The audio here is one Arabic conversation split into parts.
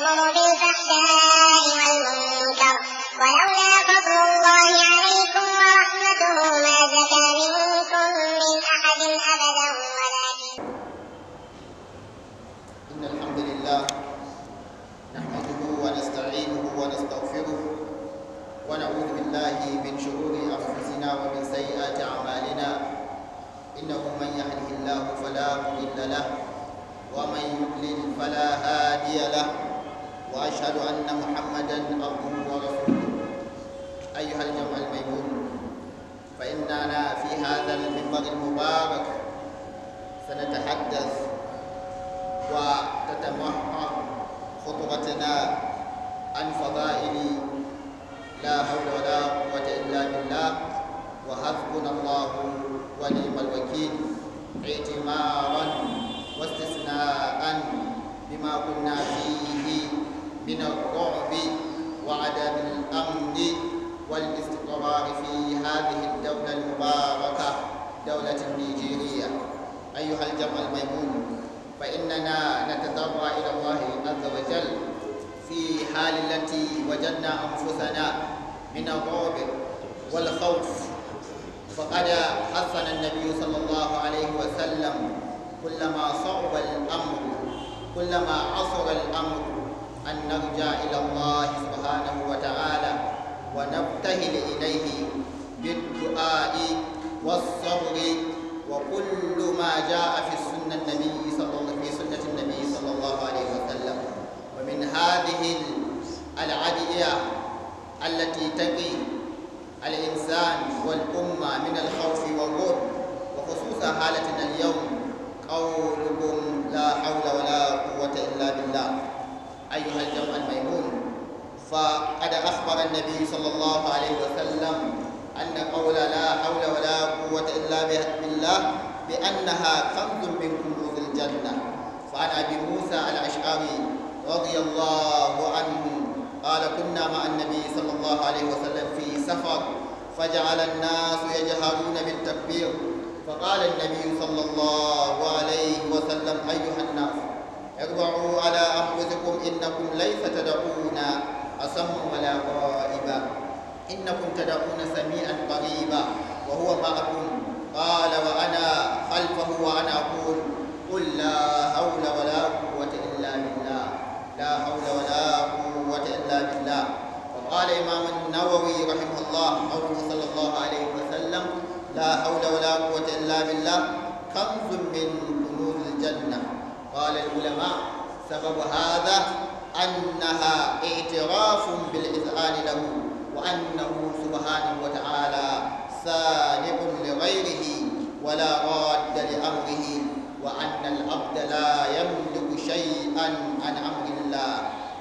ويأمر بالفحشاء والمنكر ولولا فضل الله عليكم ورحمته ما زكى منكم من أحد أبدا ولكن إن الحمد لله نحمده ونستعينه ونستغفره ونعوذ بالله من شرور أنفسنا ومن سيئات أعمالنا إنه من يهده الله فلا مضل له ومن يضلل فلا هادي له وأشهد أن محمدا عبده ورسوله أيها الجمع الميمون فإننا في هذا المنبر المبارك سنتحدث وتتمحور خطبتنا عن فضائل لا حول ولا قوة إلا بالله وحسبنا الله ونعم الوكيل اعتمارا واستثناء بما كنا فيه من الرعب وعدم الأمن والاستقرار في هذه الدولة المباركة دولة النيجيرية أيها الجمع الميمون فإننا نتضرع إلى الله عز وجل في حال التي وجدنا أنفسنا من الرعب والخوف فقد حسن النبي صلى الله عليه وسلم كلما صعب الأمر كلما عصر الأمر أن نرجع إلى الله سبحانه وتعالى ونبتهل إليه بالدعاء والصبر وكل ما جاء في السنة النبي صلى الله في سنة النبي صلى الله عليه وسلم ومن هذه العدية التي تقي الإنسان والأمة من الخوف والرعب وخصوصا حالتنا اليوم قولكم لا حول ولا أيها الجمع الميمون فقد أخبر النبي صلى الله عليه وسلم أن قول لا حول ولا قوة إلا بالله بأنها كنز من كنوز الجنة فعن أبي موسى الأشعري رضي الله عنه قال كنا مع النبي صلى الله عليه وسلم في سفر فجعل الناس يجهرون بالتكبير فقال النبي صلى الله عليه وسلم أيها الناس اضعوا على أنفسكم إنكم ليس تدعون أصم ولا غائبا إنكم تدعون سميعا قريبا وهو معكم قال وأنا خلفه وأنا أقول قل لا حول ولا قوة إلا بالله لا حول ولا قوة إلا بالله وقال إمام النووي رحمه الله قوله صلى الله عليه وسلم لا حول ولا قوة إلا بالله كنز من كنوز الجنة قال العلماء سبب هذا أنها اعتراف بالإذعان له وأنه سبحانه وتعالى سالب لغيره ولا راد لأمره وأن العبد لا يملك شيئا عن أمر الله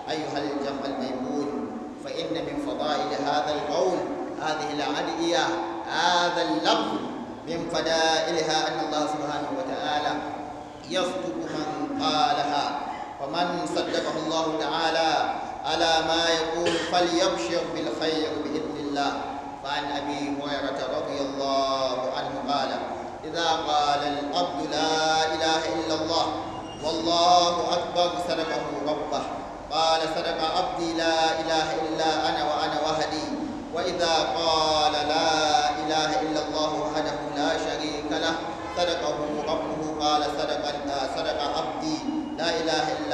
أيها الجمع الميمون فإن من فضائل هذا القول هذه العدئية هذا اللفظ من فضائلها أن الله سبحانه وتعالى يصدق من قالها ومن صدقه الله تعالى على ما يقول فليبشر بالخير بإذن الله فعن أبي هريرة رضي الله عنه قال إذا قال الأبد لا إله إلا الله والله أكبر صدقه ربه قال صدق عبدي لا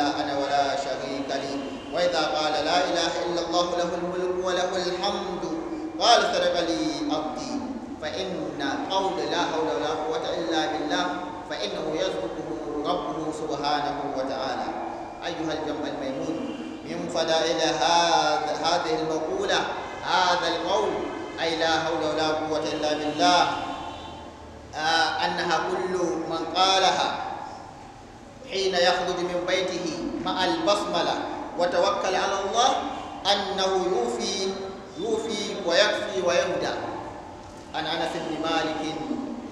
أنا ولا شريك لي وإذا قال لا إله إلا الله له الملك وله الحمد قال سرق لي أبدي فإن قول لا حول ولا قوة إلا بالله فإنه يزرقه ربه سبحانه وتعالى أيها الجمع الميمون من فضائل هذه المقولة هذا القول أي لا حول ولا قوة إلا بالله البسملة وتوكل على الله أنه يوفي يوفي ويكفي ويهدى عن أنس بن مالك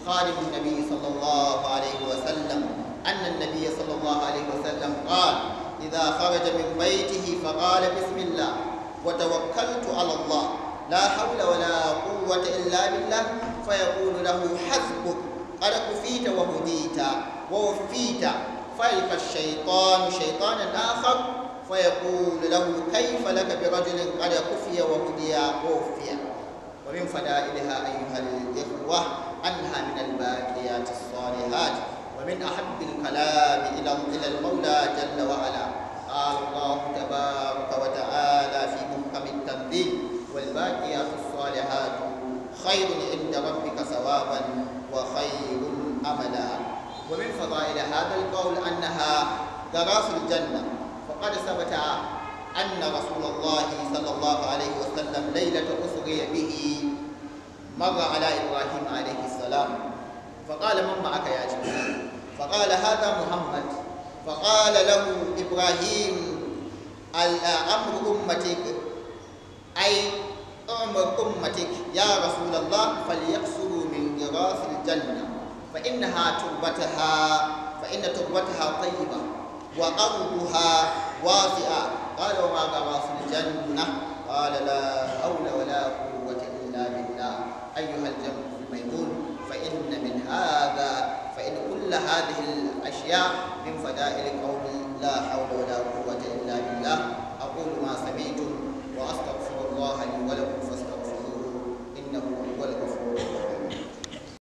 خالد النبي صلى الله عليه وسلم أن النبي صلى الله عليه وسلم قال إذا خرج من بيته فقال بسم الله وتوكلت على الله لا حول ولا قوة إلا بالله فيقول له حسبك قد كفيت وهديت ووفيت فألقى الشيطان شيطانا آخر فيقول له كيف لك برجل قد كفي وهدي ووفي ومن فدائلها أيها الإخوة أنها من الباقيات الصالحات ومن أحب الكلام إلى المولى جل وعلا قال الله تبارك وتعالى في محكم التنبيه والباقيات الصالحات خير عند ربك ثوابا وخير املا ومن فضائل هذا القول أنها دراس الجنة فقد ثبت أن رسول الله صلى الله عليه وسلم ليلة أسري به مر على إبراهيم عليه السلام فقال من معك يا جبريل فقال هذا محمد فقال له إبراهيم أمر أمتك أي أمر أمتك يا رسول الله فليقصروا من دراس الجنة فإنها تربتها فإن تربتها طيبة وأرضها واسعة قال وما غواص الجنة قال لا حول ولا قوة إلا بالله أيها الجنة الميمون فإن من هذا فإن كل هذه الأشياء من فدائل قوم لا حول ولا قوة إلا بالله أقول ما سمعتم وأستغفر الله لي ولكم فاستغفروه إنه هو الغفور